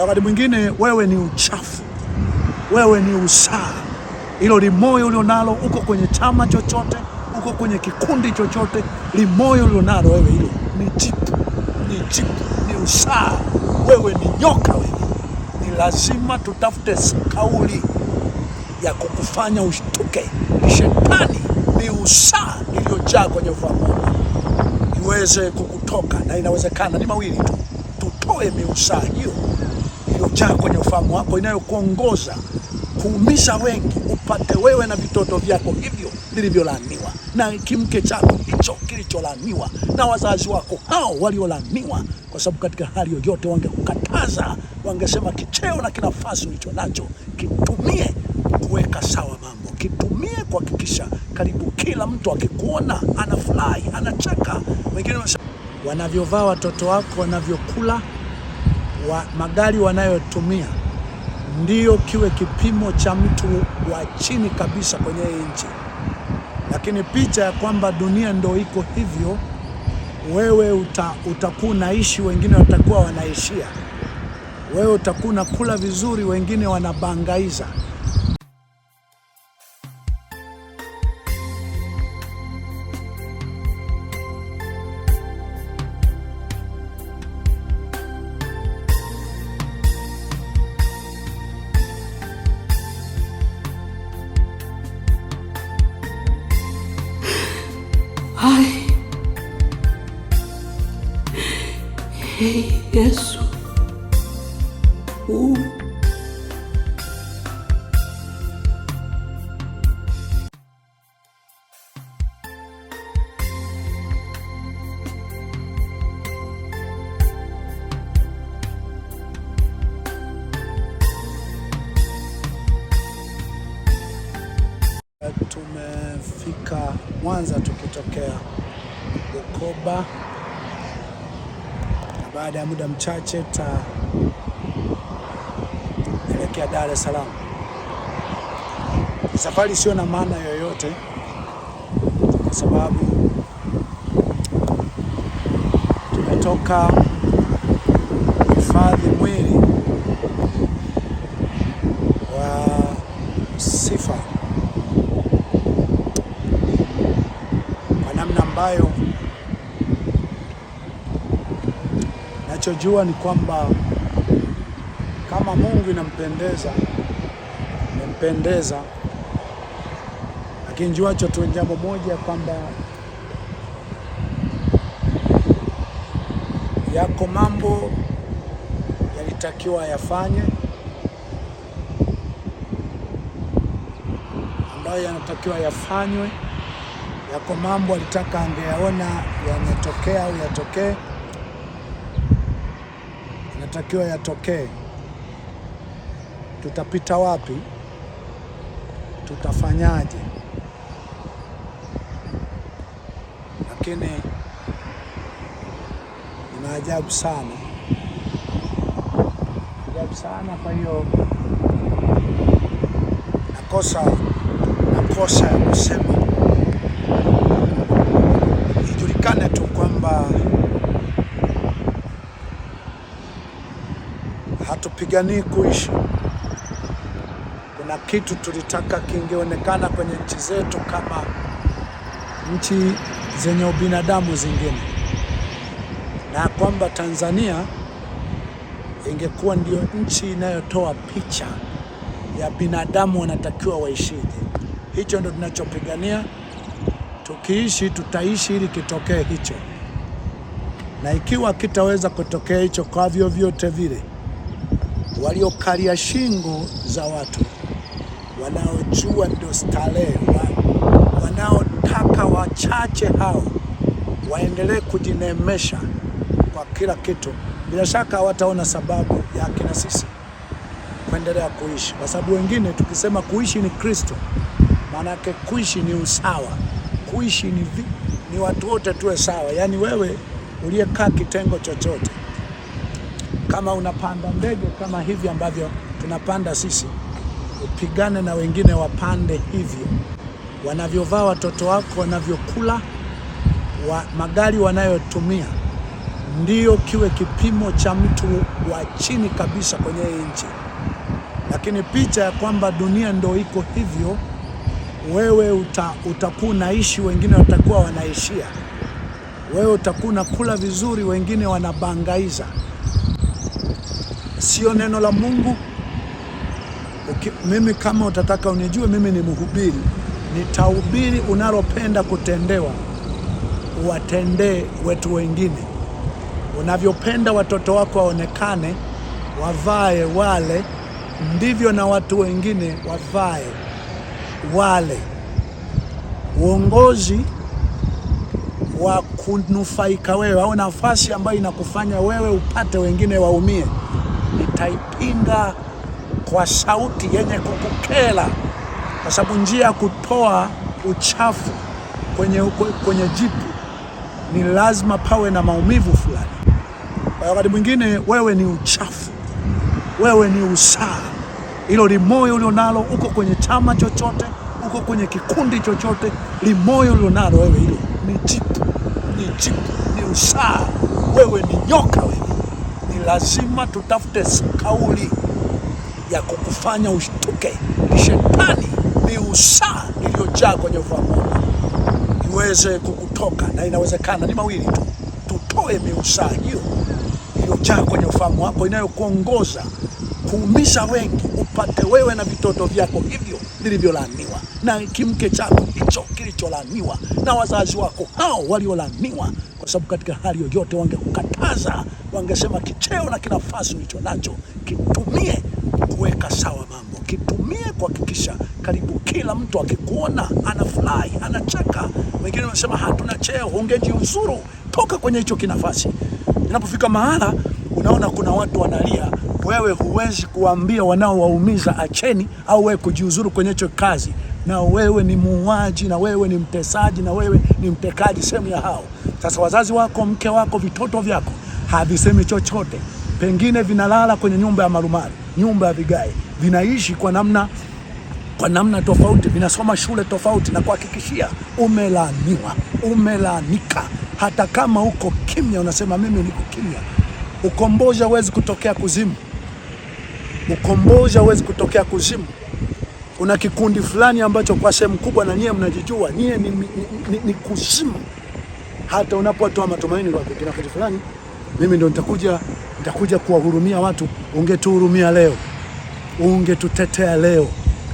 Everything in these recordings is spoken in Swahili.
Wakati mwingine wewe ni uchafu, wewe ni usaa. Hilo limoyo ulionalo, uko kwenye chama chochote, uko kwenye kikundi chochote, limoyo ulionalo wewe, hilo ni chipu, ni jipu, ni usaa. Wewe ni nyoka, wewe ni lazima tutafute kauli ya kukufanya ushtuke. Shetani ni usaa iliyojaa kwenye ufahamu iweze kukutoka, na inawezekana ni mawili tu, tutoe miusaa hiyo chako kwenye ufahamu wako inayokuongoza kuumiza wengi upate wewe na vitoto vyako hivyo vilivyolaaniwa na kimke chako hicho kilicholaaniwa na wazazi wako hao waliolaaniwa, kwa sababu katika hali yoyote wangekukataza, wangesema kicheo na kinafasi ulicho nacho kitumie kuweka sawa mambo, kitumie kuhakikisha karibu kila mtu akikuona anafurahi, anacheka. Wengine wanavyovaa watoto wako wanavyokula wa, magari wanayotumia ndiyo kiwe kipimo cha mtu wa chini kabisa kwenye hii nchi, lakini picha ya kwamba dunia ndo iko hivyo, wewe uta, utakuwa unaishi, wengine watakuwa wanaishia, wewe utakuwa unakula vizuri, wengine wanabangaiza. Hey Yesu, uh. Tumefika Mwanza tukitokea Bukoba baada ya muda mchache tutaelekea Dar es Salaam. Safari isiyo na maana yoyote, kwa sababu tumetoka hifadhi mwili wa Sifa kwa namna ambayo nachojua ni kwamba kama Mungu inampendeza imempendeza, lakini juacho tu jambo moja kwamba yako mambo yalitakiwa yafanye ambayo yanatakiwa yafanywe, yako mambo alitaka angeyaona yanatokea au yatokee yanatakiwa yatokee. Tutapita wapi? Tutafanyaje? Lakini ni maajabu sana, ajabu sana. Kwa hiyo nakosa nakosa ya kusema ijulikane. hatupiganii kuishi. Kuna kitu tulitaka kingeonekana kwenye nchi zetu kama nchi zenye ubinadamu zingine, na kwamba Tanzania ingekuwa ndio nchi inayotoa picha ya binadamu wanatakiwa waishije. Hicho ndo tunachopigania. Tukiishi tutaishi ili kitokee hicho, na ikiwa kitaweza kutokea hicho kwa vyovyote vile waliokalia shingo za watu, wanaojua ndio starehe, wanaotaka wachache hao waendelee kujinemesha kwa kila kitu, bila shaka hawataona sababu yake na sisi kuendelea kuishi, kwa sababu wengine tukisema kuishi ni Kristo, maana yake kuishi ni usawa, kuishi ni, vi, ni watu wote tuwe sawa, yaani wewe uliyekaa kitengo chochote kama unapanda ndege kama hivi ambavyo tunapanda sisi, upigane na wengine wapande hivyo wanavyovaa watoto wako, wanavyokula wa, magari wanayotumia, ndio kiwe kipimo cha mtu wa chini kabisa kwenye hii nchi. Lakini picha ya kwamba dunia ndo iko hivyo, wewe uta, utakuwa unaishi, wengine watakuwa wanaishia, wewe utakuwa unakula vizuri, wengine wanabangaiza sio neno la Mungu. Okay, mimi kama utataka unijue mimi ni mhubiri, nitahubiri unalopenda kutendewa, watendee wetu wengine. Unavyopenda watoto wako waonekane, wavae wale, ndivyo na watu wengine wavae wale. Uongozi wa kunufaika wewe au nafasi ambayo inakufanya wewe upate wengine waumie nitaipinga kwa sauti yenye kukukela, kwa sababu njia ya kutoa uchafu kwenye, kwenye jipu ni lazima pawe na maumivu fulani. Kwa wakati mwingine wewe ni uchafu, wewe ni usaa. Hilo limoyo ulionalo uko kwenye chama chochote, uko kwenye kikundi chochote, limoyo ulionalo wewe hilo ni jipu, ni jipu, ni usaa, wewe ni nyoka lazima tutafute kauli ya kukufanya ushtuke. Ni shetani, ni usaa iliyojaa kwenye ufahamu iweze kukutoka, na inawezekana ni mawili tu, tutoe miusaa hiyo iliyojaa kwenye ufahamu wako inayokuongoza kuumiza wengi, upate wewe na vitoto vyako hivyo vilivyolaaniwa na kimke chako hicho kilicholaaniwa na wazazi wako hao waliolaaniwa kwa sababu katika hali yoyote wangekukataza, wangesema kicheo na kinafasi ulicho nacho kitumie kuweka sawa mambo, kitumie kuhakikisha karibu kila mtu akikuona anafurahi, anacheka. Wengine wanasema hatuna cheo, ungejiuzuru, toka kwenye hicho kinafasi. Inapofika mahala unaona kuna watu wanalia, wewe huwezi kuambia wanaowaumiza acheni, au wewe kujiuzuru kwenye hicho kazi na wewe ni muuaji, na wewe ni mtesaji, na wewe ni mtekaji sehemu ya hao. Sasa wazazi wako, mke wako, vitoto vyako havisemi chochote, pengine vinalala kwenye nyumba ya marumaru, nyumba ya vigae, vinaishi kwa namna kwa namna tofauti, vinasoma shule tofauti, na kuhakikishia umelaaniwa, umelaanika. Hata kama uko kimya, unasema mimi niko kimya. Ukombozi hauwezi kutokea kuzimu. Ukombozi hauwezi kutokea kuzimu kuna kikundi fulani ambacho kwa sehemu kubwa na nyie mnajijua, nyie ni, ni, ni, ni kuzimu. Hata unapotoa matumaini kwa kikundi fulani, mimi ndo nitakuja nitakuja kuwahurumia watu. Ungetuhurumia leo, ungetutetea leo,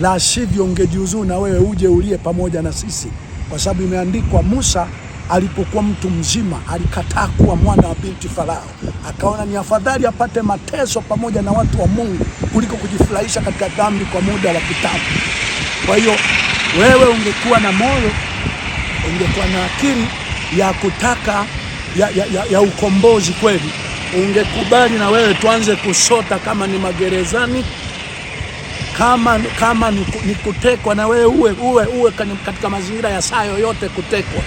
la sivyo ungejiuzuu na wewe uje ulie pamoja na sisi, kwa sababu imeandikwa Musa alipokuwa mtu mzima alikataa kuwa mwana wa binti Farao, akaona ni afadhali apate mateso pamoja na watu wa Mungu kuliko kujifurahisha katika dhambi kwa muda wa kitambo. Kwa hiyo wewe ungekuwa na moyo, ungekuwa na akili ya kutaka ya, ya, ya, ya ukombozi kweli, ungekubali na wewe tuanze kusota kama ni magerezani kama, kama ni kutekwa na wewe uwe, uwe, uwe katika mazingira ya saa yoyote kutekwa.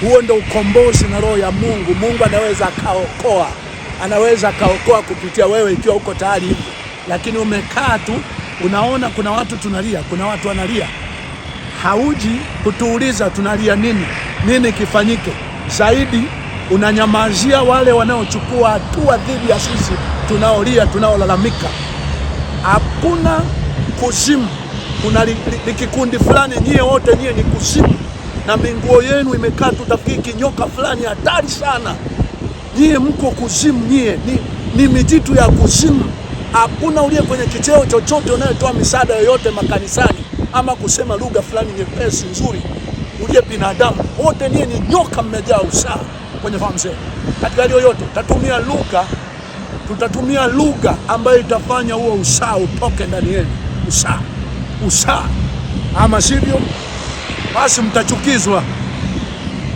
Huo ndo ukombozi na roho ya Mungu. Mungu anaweza akaokoa, anaweza akaokoa kupitia wewe ikiwa uko tayari hivyo, lakini umekaa tu unaona kuna watu tunalia, kuna watu wanalia, hauji kutuuliza tunalia nini, nini kifanyike zaidi. Unanyamazia wale wanaochukua hatua dhidi ya sisi tunaolia, tunaolalamika. Hakuna kuzimu, kuna likikundi li, li fulani, nyie wote nyie ni kuzimu na minguo yenu imekaa tu tafiki nyoka fulani hatari sana. Nyie mko kuzimu, nyie ni, ni mijitu ya kuzimu. Hakuna uliye kwenye kicheo chochote unayetoa misaada yoyote makanisani ama kusema lugha fulani nyepesi nzuri, uliye binadamu wote nyie ni nyoka, mmejaa usaa kwenye fahamu zenu. Katika hali yoyote tutatumia lugha, tutatumia lugha ambayo itafanya huo usaa utoke ndani yenu, usaa usaa, ama sivyo basi mtachukizwa,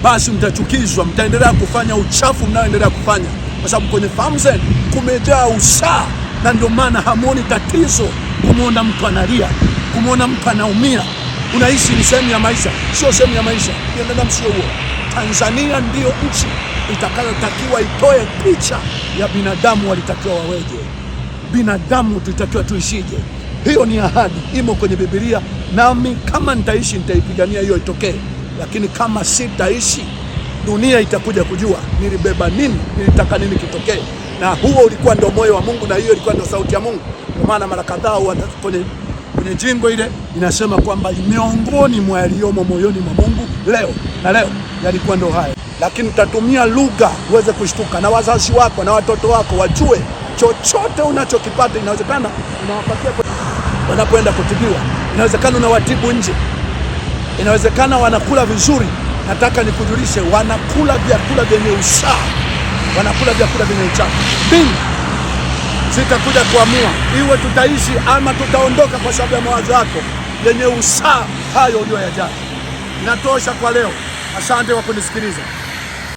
basi mtachukizwa, mtaendelea kufanya uchafu mnaoendelea kufanya, kwa sababu kwenye fahamu zenu kumejaa usaa, na ndio maana hamuoni tatizo kumwona mtu analia, kumwona mtu anaumia, unahisi ni sehemu ya maisha. Sio sehemu ya maisha, ndio msio huo. Tanzania ndiyo nchi itakayotakiwa itoe picha ya binadamu, walitakiwa waweje, binadamu tulitakiwa tuishije. Hiyo ni ahadi, imo kwenye Bibilia nami kama nitaishi nitaipigania hiyo itokee, lakini kama sitaishi, dunia itakuja kujua nilibeba nini, nilitaka nini kitokee. Na huo ulikuwa ndio moyo wa Mungu, na hiyo ilikuwa ndio sauti ya Mungu. Kwa maana mara kadhaa kwenye kwenye jingo ile inasema kwamba miongoni mwa yaliyomo moyoni mwa Mungu leo na leo yalikuwa ndio haya, lakini utatumia lugha uweze kushtuka, na wazazi wako na watoto wako wajue chochote unachokipata inawezekana unawapatia wanapoenda kutibiwa. Inawezekana unawatibu nje, inawezekana wanakula vizuri. Nataka nikujulishe, wanakula vyakula vyenye usaa, wanakula vyakula vyenye uchafu. Mimi sitakuja kuamua iwe tutaishi ama tutaondoka kwa sababu ya mawazo yako yenye usaa hayo uliyoyajali. Inatosha kwa leo. Asante kwa kunisikiliza.